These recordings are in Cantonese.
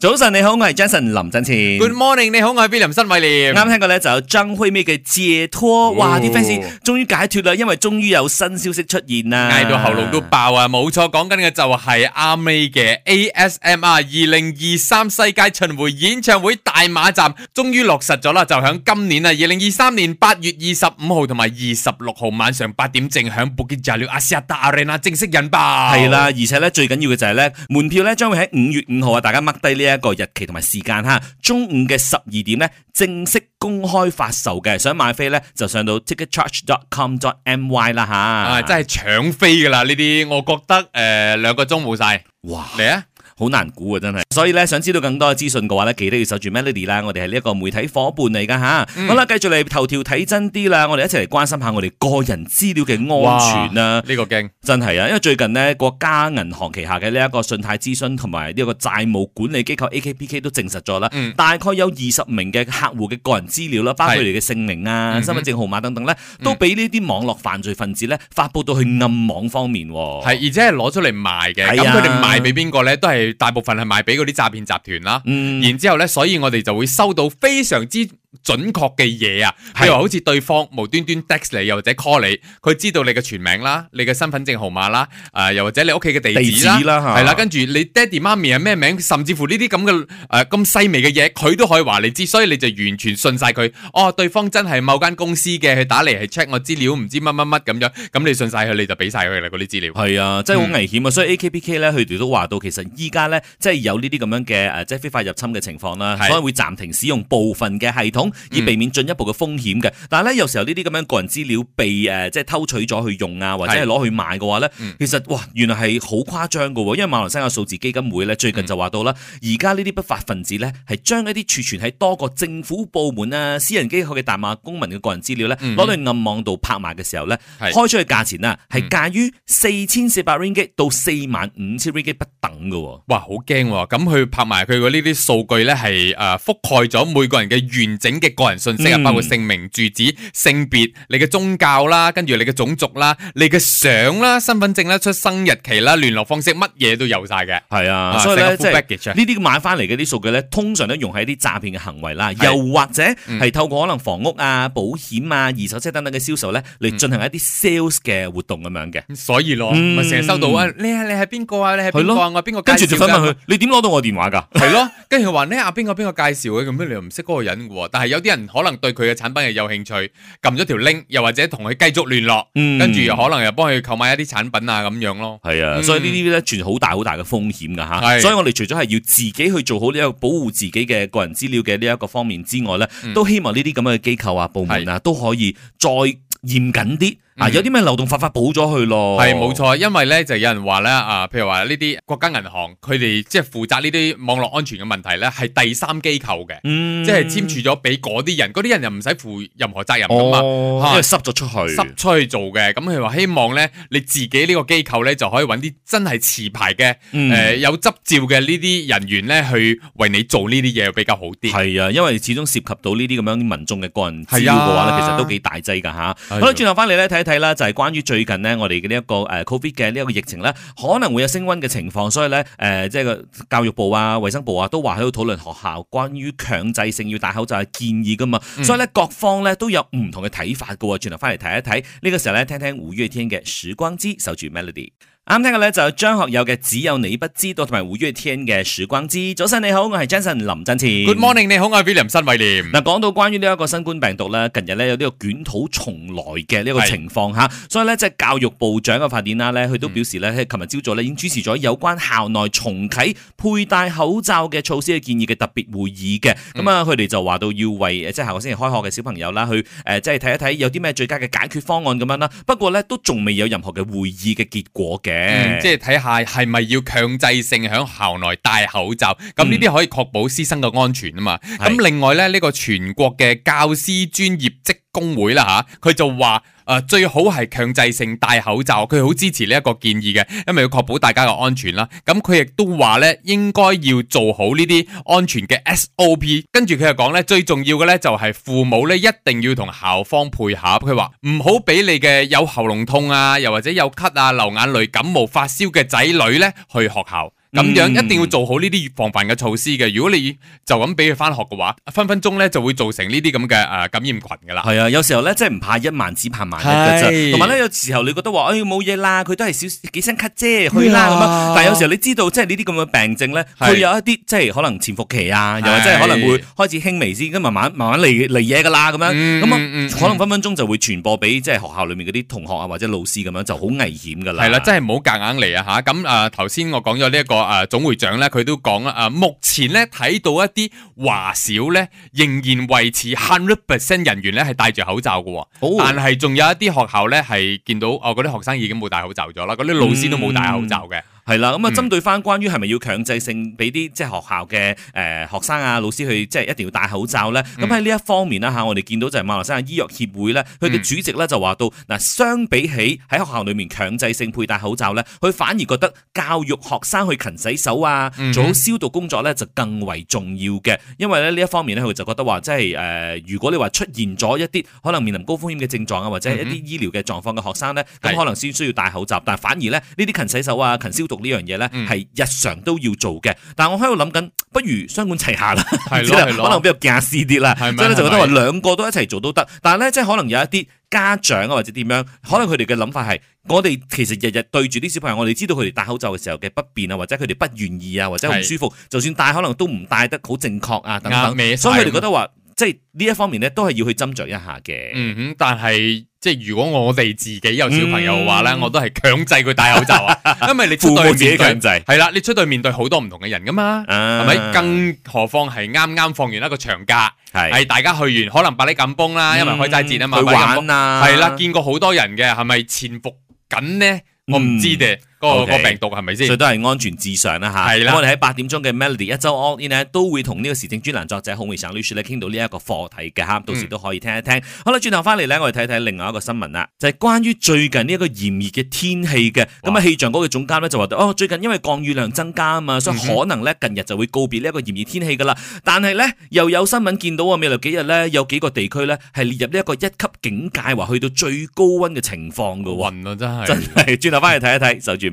早晨你好，我係 Jason 林振前。Good morning，你好，我係林新偉。啱聽過咧就有張惠妹嘅借拖，哇啲 fans 終於解脱啦，因為終於有新消息出現啦，嗌到喉嚨都爆啊！冇錯，講緊嘅就係阿妹嘅 ASMR 二零二三世界巡回演唱會大馬站終於落實咗啦，就響今年啊二零二三年八月二十五號同埋二十六號晚上八點正響布吉站嘅 Axiata Arena 正式引爆。係啦，而且咧最緊要嘅就係咧門票咧將會喺五月五號啊，大家 mark 低呢。一個日期同埋時間哈，中午嘅十二點咧正式公開發售嘅，想買飛咧就上到 ticketcharge.com.my 啦吓，啊真係搶飛噶啦呢啲，我覺得誒、呃、兩個鐘冇晒，哇嚟啊！好難估啊！真係，所以咧，想知道更多嘅資訊嘅話咧，記得要守住 Melody 啦。我哋係呢一個媒體伙伴嚟㗎嚇。嗯、好啦，繼續嚟頭條睇真啲啦。我哋一齊嚟關心下我哋個人資料嘅安全啊。呢、呢個驚，真係啊！因為最近呢國家銀行旗下嘅呢一個信貸諮詢同埋呢個債務管理機構 AKPK 都證實咗啦。嗯、大概有二十名嘅客戶嘅個人資料啦，包括佢哋嘅姓名啊、是身份證號碼等等咧，嗯、都俾呢啲網絡犯罪分子咧發佈到去暗網方面。係，而且係攞出嚟賣嘅。係啊。咁佢哋賣俾邊個咧？都係。大部分係賣俾嗰啲詐騙集團啦，嗯，然之後咧，所以我哋就會收到非常之準確嘅嘢啊，譬如好似對方無端端 text 你又或者 call 你，佢知道你嘅全名啦，你嘅身份證號碼啦，誒、呃、又或者你屋企嘅地址啦，係啦址，的跟住你爹哋媽咪係咩名，甚至乎呢啲咁嘅誒咁細微嘅嘢，佢都可以話你知，所以你就完全信晒佢。哦，對方真係某間公司嘅，佢打嚟係 check 我資料，唔知乜乜乜咁樣，咁你信晒佢，你就俾晒佢啦嗰啲資料。係啊，真係好危險啊，嗯、所以 AKPK 咧，佢哋都話到，其實依家咧即係有呢啲咁樣嘅誒，即、呃、係非法入侵嘅情況啦，所以的會暫停使用部分嘅系統。以避免進一步嘅風險嘅、嗯。但係咧，有時候呢啲咁樣個人資料被誒即係偷取咗去用啊，或者係攞去賣嘅話咧，嗯、其實哇，原來係好誇張㗎喎。因為馬來西亞數字基金會咧，最近就話到啦，而家呢啲不法分子咧係將一啲儲存喺多個政府部門啊、私人機構嘅大馬公民嘅個人資料咧，攞、嗯、去暗網度拍賣嘅時候咧，是開出嘅價錢啊，係介於四千四百 ringgit 到四萬五千 ringgit 不等㗎喎。哇，好驚喎！咁佢拍賣佢嘅呢啲數據咧係誒覆蓋咗每個人嘅完整人嘅個人信息啊，包括姓名、住址、性別、你嘅宗教啦，跟住你嘅種族啦、你嘅相啦、身份證啦、出生日期啦、聯絡方式，乜嘢都有晒嘅。係啊，所以咧，即係呢啲買翻嚟嘅啲數據咧，通常都用喺一啲詐騙嘅行為啦，又或者係透過可能房屋啊、保險啊、二手車等等嘅銷售咧，嚟進行一啲 sales 嘅活動咁樣嘅。所以咯，咪成日收到啊，你你係邊個啊？你係邊個啊？邊個跟住就想問佢：你點攞到我電話噶？係咯，跟住佢話咧，阿邊個邊個介紹嘅咁樣，你又唔識嗰個人嘅。係有啲人可能對佢嘅產品係有興趣，撳咗條 link，又或者同佢繼續聯絡，跟住、嗯、可能又幫佢購買一啲產品啊咁樣咯。係啊，嗯、所以呢啲咧存好大好大嘅風險噶吓。的所以我哋除咗係要自己去做好呢個保護自己嘅個人資料嘅呢一個方面之外呢、嗯、都希望呢啲咁嘅機構啊、部門啊都可以再嚴謹啲。嗱、啊，有啲咩漏洞法法補咗佢咯？係冇、嗯、錯，因為咧就有人話咧啊，譬如話呢啲國家銀行佢哋即係負責呢啲網絡安全嘅問題咧，係第三機構嘅，即係、嗯、簽署咗俾嗰啲人，嗰啲人又唔使負任何責任㗎嘛，哦、因為濕咗出去，濕出去做嘅。咁佢話希望咧你自己呢個機構咧就可以揾啲真係持牌嘅誒、嗯呃、有執照嘅呢啲人員咧去為你做呢啲嘢比較好啲。係啊，因為始終涉及到呢啲咁樣民眾嘅個人資料嘅話咧，啊、其實都幾大劑㗎嚇。啊啊、好啦，轉頭翻嚟咧睇，看看啦，就係關於最近呢，我哋嘅呢一個誒，Covid 嘅呢一個疫情咧，可能會有升溫嘅情況，所以咧，誒，即係個教育部啊、衛生部啊，都話喺度討論學校關於強制性要戴口罩嘅建議噶嘛，所以咧，各方咧都有唔同嘅睇法噶，轉頭翻嚟睇一睇呢個時候咧，聽聽五月天嘅《時光機》守住 Melody。啱聽嘅咧就係張學友嘅只有你不知道同埋五月天嘅曙光之早晨你好，我係 Jensen 林振前。Good morning，你好，我係 William 新威廉。嗱，講到關於呢一個新冠病毒咧，近日咧有呢個捲土重來嘅呢個情況吓，是所以咧即係教育部長嘅發言啦，咧佢都表示咧，喺琴日朝早咧已經主持咗有關校內重啟佩戴口罩嘅措施嘅建議嘅特別會議嘅，咁啊、嗯，佢哋就話到要為即係下個星期開學嘅小朋友啦，去誒即係睇一睇有啲咩最佳嘅解決方案咁樣啦。不過咧都仲未有任何嘅會議嘅結果嘅。嗯，即係睇下係咪要強制性喺校內戴口罩，咁呢啲可以確保師生嘅安全啊嘛。咁另外咧，呢個全國嘅教師專業職工會啦吓，佢就話誒、呃、最好係強制性戴口罩，佢好支持呢一個建議嘅，因為要確保大家嘅安全啦。咁佢亦都話咧，應該要做好呢啲安全嘅 SOP。跟住佢又講咧，最重要嘅咧就係父母咧一定要同校方配合。佢話唔好俾你嘅有喉嚨痛啊，又或者有咳啊、流眼淚、感冒發燒嘅仔女呢去學校。咁樣一定要做好呢啲防範嘅措施嘅。如果你就咁俾佢翻學嘅話，分分鐘咧就會造成呢啲咁嘅誒感染群噶啦。係啊，有時候咧即係唔怕一萬，只怕萬一噶啫。同埋咧，有時候你覺得話誒冇嘢啦，佢、哎、都係少幾聲咳啫，去啦咁樣。呀但係有時候你知道，即係呢啲咁嘅病症咧，佢是有一啲即係可能潛伏期啊，又是或者可能會開始輕微先，咁慢慢慢慢嚟嚟嘢噶啦，咁、嗯、樣咁、嗯、可能分分鐘就會傳播俾即係學校裏面嗰啲同學啊，或者老師咁樣就好危險噶啦。係啦、啊，真係唔好夾硬嚟啊吓。咁、啊、誒，頭先我講咗呢一個。誒，總會長咧，佢都講啦，啊，目前咧睇到一啲華小咧仍然維持 hundred percent 人員咧係戴住口罩嘅，oh. 但係仲有一啲學校咧係見到，哦，嗰啲學生已經冇戴口罩咗啦，嗰啲老師都冇戴口罩嘅。Mm. 係啦，咁啊針對翻關於係咪要強制性俾啲即係學校嘅誒學生啊老師去即係一定要戴口罩呢，咁喺呢一方面呢，我哋見到就係馬來西亞醫藥協會呢，佢嘅主席呢就話到嗱，相比起喺學校裏面強制性佩戴口罩呢，佢反而覺得教育學生去勤洗手啊，做好消毒工作呢就更為重要嘅，因為咧呢一方面呢，佢就覺得話即係如果你話出現咗一啲可能面臨高風險嘅症狀啊，或者係一啲醫療嘅狀況嘅學生呢，咁可能先需要戴口罩，但反而呢，呢啲勤洗手啊、勤消毒。呢樣嘢咧係日常都要做嘅，但係我喺度諗緊，不如雙管齊下啦，而的 可能比較架勢啲啦，所以咧就覺得話兩個都一齊做都得。是是但係咧，即係可能有一啲家長啊，或者點樣，可能佢哋嘅諗法係，我哋其實日日對住啲小朋友，我哋知道佢哋戴口罩嘅時候嘅不便啊，或者佢哋不願意啊，或者唔舒服，的就算戴可能都唔戴得好正確啊等等，所以佢哋覺得話，即係呢一方面咧都係要去斟酌一下嘅。嗯，但係。即係如果我哋自己有小朋友嘅話咧，嗯、我都係強制佢戴口罩啊， 因為你出對面對係啦，你出對面對好多唔同嘅人噶嘛，係咪、啊？更何況係啱啱放完一個長假，係的大家去完可能百里錦崩啦，因為開齋節啊嘛，去、嗯、玩啊，係啦，見過好多人嘅，係咪潛伏緊呢？我唔知嘅。嗯個病毒係咪先？最都係安全至上啦吓。係啦的，我哋喺八點鐘嘅 Melody 一周 All In 咧，都會同呢個時政專欄作者孔維省律師咧傾到呢一個課題嘅吓，到時都可以聽一聽。好啦，轉頭翻嚟咧，我哋睇睇另外一個新聞啦，就係、是、關於最近呢一個炎熱嘅天氣嘅。咁啊哇，氣象局嘅總監咧就話，哦，最近因為降雨量增加啊嘛，所以可能咧近日就會告別呢一個炎熱天氣噶啦。嗯、哼但係咧又有新聞見到啊，未來幾日咧有幾個地區咧係列入呢一個一級警戒，話去到最高溫嘅情況噶。暈真係是，真係。轉頭翻嚟睇一睇，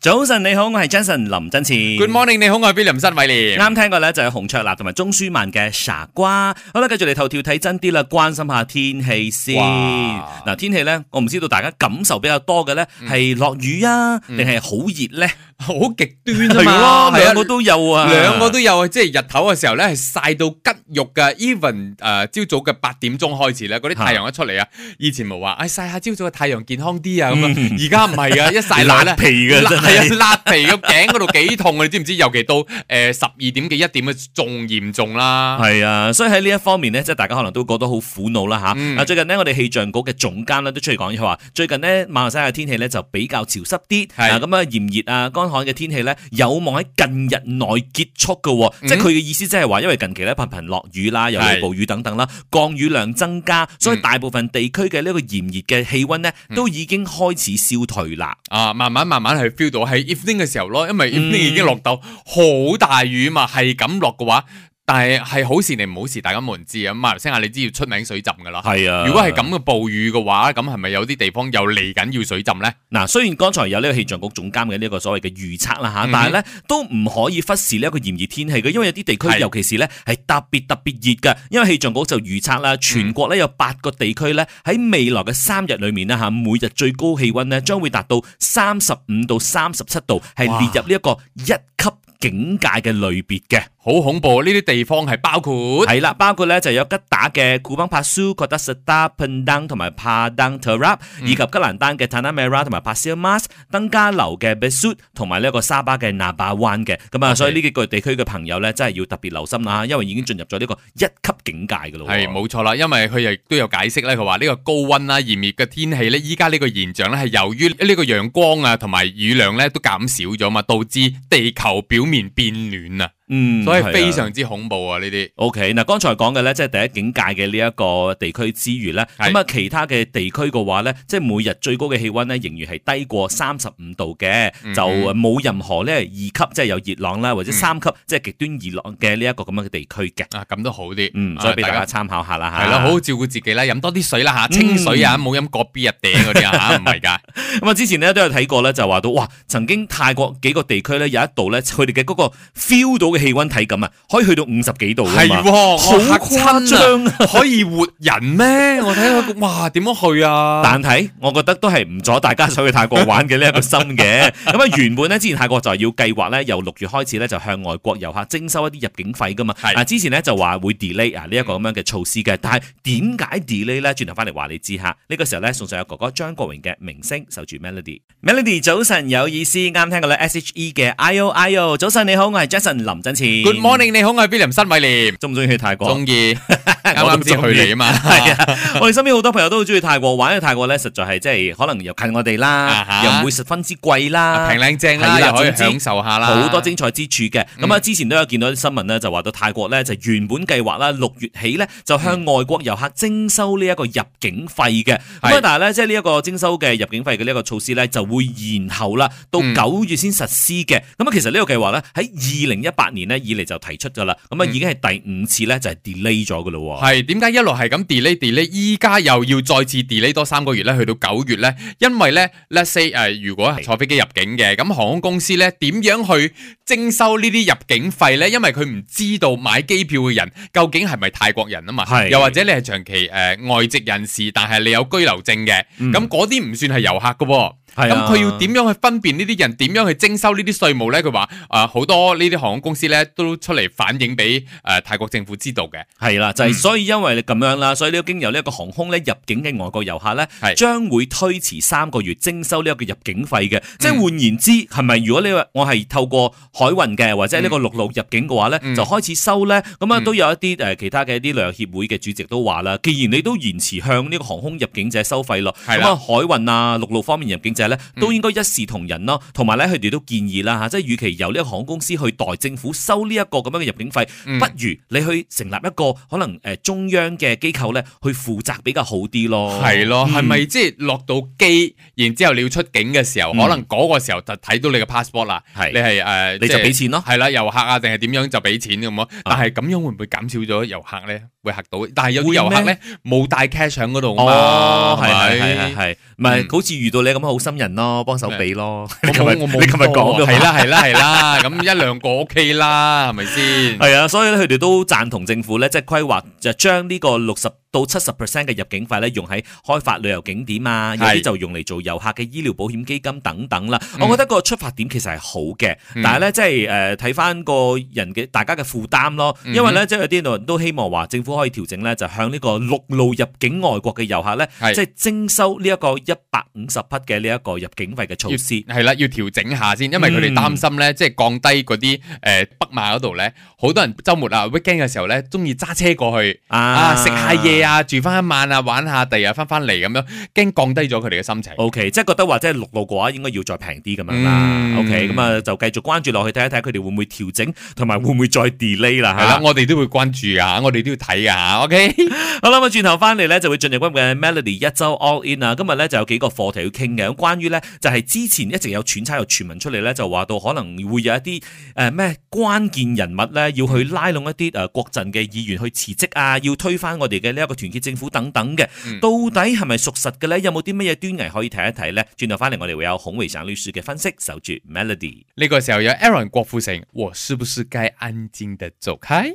早晨你好，我係 Jason 林真慈。Good morning，你好啊，B 林新偉咧。啱聽過咧就係洪卓立同埋鍾舒漫嘅傻瓜。好啦，繼續嚟頭條睇真啲啦，關心下天氣先。嗱，天氣咧，我唔知道大家感受比較多嘅咧係落雨啊，定係好熱咧？好極端啊嘛，兩個都有啊，兩個都有啊，即係日頭嘅時候咧係晒到吉肉噶，even 誒朝早嘅八點鐘開始咧，嗰啲太陽一出嚟啊，以前冇話，誒晒下朝早嘅太陽健康啲啊咁啊，而家唔係啊，一晒爛皮咧，爛皮嘅真係，係啊，爛皮個頸嗰度幾痛啊，你知唔知？尤其到誒十二點幾一點啊仲嚴重啦，係啊，所以喺呢一方面咧，即係大家可能都覺得好苦惱啦吓。啊，最近咧我哋氣象局嘅總監咧都出嚟講，佢話最近咧馬來西亞天氣咧就比較潮濕啲，啊咁啊炎熱啊，乾。海嘅天氣咧有望喺近日內結束嘅，即係佢嘅意思，即係話，因為近期咧頻頻落雨啦，又有暴雨等等啦，是降雨量增加，所以大部分地區嘅呢個炎熱嘅氣温咧都已經開始消退啦。啊，慢慢慢慢係 feel 到喺 evening 嘅時候咯，因為 evening 已經落到好大雨嘛，係咁落嘅話。但係係好事定唔好事，大家冇人知啊！馬來西亞你知要出名水浸噶啦，係啊！如果係咁嘅暴雨嘅話，咁係咪有啲地方又嚟緊要水浸呢？嗱，雖然剛才有呢個氣象局總監嘅呢一個所謂嘅預測啦嚇，但係呢都唔可以忽視呢一個炎熱天氣嘅，因為有啲地區，尤其是呢係特別特別熱嘅，因為氣象局就預測啦，全國呢有八個地區呢喺未來嘅三日裡面啦嚇，每日最高氣温呢將會達到三十五到三十七度，係列入呢一個一級。境界嘅類別嘅，好恐怖呢啲地方係包括係啦，包括咧就有吉打嘅古邦帕蘇、哥打士打、潘丹同埋巴東得臘，嗯、以及吉蘭丹嘅丹那美拉同埋帕西馬斯、登嘉樓嘅貝蘇同埋呢一個沙巴嘅納巴灣嘅，咁啊的，所以呢幾個地區嘅朋友咧，真係要特別留心啦，因為已經進入咗呢個一級境界噶啦。係冇錯啦，因為佢亦都有解釋咧，佢話呢個高溫啦、炎熱嘅天氣咧，依家呢個現象咧係由於呢個陽光啊同埋雨量咧都減少咗嘛，導致地球表。面變暖啊！嗯，所以非常之恐怖啊！呢啲，OK 嗱，剛才講嘅咧，即係第一境界嘅呢一個地區之餘咧，咁啊是，其他嘅地區嘅話咧，即係每日最高嘅氣温咧，仍然係低過三十五度嘅，嗯、就冇任何咧二級、嗯、即係有熱浪啦，或者三級、嗯、即係極端熱浪嘅呢一個咁樣嘅地區嘅。啊，咁都好啲，嗯，所以俾大家參考下啦吓。係啦、啊，好好照顧自己啦，飲多啲水啦吓，清水啊，冇飲個別入頂嗰啲啊吓，唔係噶。咁啊，啊 之前咧都有睇過咧，就話到哇，曾經泰國幾個地區咧有一度咧，佢哋嘅嗰個 feel 到嘅。氣温體感啊，可以去到五十幾度、哦、數 啊嘛，好誇張、啊，可以活人咩？我睇下，哇，點樣去啊？但係，我覺得都係唔阻大家想去泰國玩嘅呢一個心嘅。咁啊，原本咧之前泰國就係要計劃咧由六月開始咧就向外國遊客徵收一啲入境費噶嘛。啊是，之前咧就話會 delay 啊呢一個咁樣嘅措施嘅，嗯、但係點解 delay 咧？轉頭翻嚟話你知下。呢、呢個時候咧送上阿哥哥張國榮嘅《明星守住 Melody》Mel。Melody 早晨有意思，啱聽過咧 SHE 嘅 I O I O 早晨你好，我係 Jason 林。Good morning，你好，我係 b i l l i a 新偉廉。中唔中意去泰國？中意，啱啱接去你啊嘛。係 我哋身邊好多朋友都好中意泰國，玩喺泰國咧，實在係即係可能又近我哋啦，啊、哈又唔會十分之貴啦，平靚正啦，的又可以享受一下啦，好多精彩之處嘅。咁啊、嗯，嗯、之前都有見到啲新聞咧，就話到泰國咧就原本計劃啦六月起咧就向外國遊客徵收呢一個入境費嘅。咁啊、嗯，但係咧即係呢一個徵收嘅入境費嘅呢一個措施咧就會延後啦，到九月先實施嘅。咁啊、嗯，其實呢個計劃咧喺二零一八。年以嚟就提出咗啦，咁啊已經係第五次咧就係 delay 咗噶咯。係點解一路係咁 delay delay？依家又要再次 delay 多三個月咧，去到九月咧，因為咧，let's say、呃、如果係坐飛機入境嘅，咁係航空公司咧點樣去徵收呢啲入境費咧？因為佢唔知道買機票嘅人究竟係咪泰國人啊嘛，係又或者你係長期、呃、外籍人士，但係你有居留證嘅，咁嗰啲唔算係遊客噶喎。咁佢、啊、要點樣去分辨呢啲人？點樣去徵收呢啲稅務咧？佢話好多呢啲航空公司咧都出嚟反映俾、呃、泰國政府知道嘅，係啦、啊，就係所以因為你咁樣啦，所以都要經由呢一個航空咧入境嘅外國遊客咧，是將會推遲三個月徵收呢一個入境費嘅。嗯、即係換言之，係咪如果你話我係透過海運嘅或者呢個陸路入境嘅話咧，嗯、就開始收咧？咁啊、嗯、都有一啲誒其他嘅一啲旅遊協會嘅主席都話啦，既然你都延遲向呢個航空入境者收費咯，咁啊海運啊陸路方面入境者。都應該一視同仁咯，同埋咧佢哋都建議啦嚇，即係與其由呢個航空公司去代政府收呢一個咁樣嘅入境費，不如你去成立一個可能誒中央嘅機構咧，去負責比較好啲咯。係咯，係咪即係落到機，然之後你要出境嘅時候，可能嗰個時候就睇到你嘅 passport 啦。係，你係誒，你就俾錢咯。係啦，遊客啊定係點樣就俾錢咁咯？但係咁樣會唔會減少咗遊客咧？會嚇到，但係有啲遊客咧冇帶 cash 喺嗰度哦，係係係，唔係好似遇到你咁樣好心。人咯，幫手俾咯，我 你今日天你今日講嘅係啦，係啦，係啦，咁 一兩個 O K 啦，係咪先？係啊，所以咧佢哋都贊同政府咧，即係規劃就將呢個六十。到七十 percent 嘅入境費咧，用喺開發旅遊景點啊，有啲就用嚟做遊客嘅醫療保險基金等等啦。我覺得個出發點其實係好嘅，但係咧即係誒睇翻個人嘅大家嘅負擔咯。因為咧即係有啲人都希望話政府可以調整咧，就向呢個陸路入境外國嘅遊客咧，即係徵收呢一個一百五十匹嘅呢一個入境費嘅措施。係啦，要調整下先，因為佢哋擔心咧，即係降低嗰啲誒北馬嗰度咧，好多人週末啊 weekend 嘅時候咧，中意揸車過去啊食下嘢。啊，住翻一晚啊，玩下地，第二日翻翻嚟咁樣，驚降低咗佢哋嘅心情。O、okay, K，即係覺得或者六路嘅話，應該要再平啲咁樣啦。O K，咁啊就繼續關注落去，睇一睇佢哋會唔會調整，同埋會唔會再 delay 啦？係啦、嗯啊，我哋都會關注啊，我哋都要睇啊。O、okay? K，好啦，咁啊轉頭翻嚟咧，就會進入今日嘅 Melody 一周 All In 啊。今日咧就有幾個課題要傾嘅，咁關於咧就係之前一直有揣測有傳聞出嚟咧，就話到可能會有一啲誒咩關鍵人物咧要去拉攏一啲誒國陣嘅議員去辭職啊，要推翻我哋嘅呢一個團結政府等等嘅，嗯、到底係咪屬實嘅呢？有冇啲乜嘢端倪可以睇一睇呢？轉頭翻嚟，我哋會有孔維省律師嘅分析。守住 Melody，呢個時候有 Aaron 郭富城，我是不是該安靜的走開？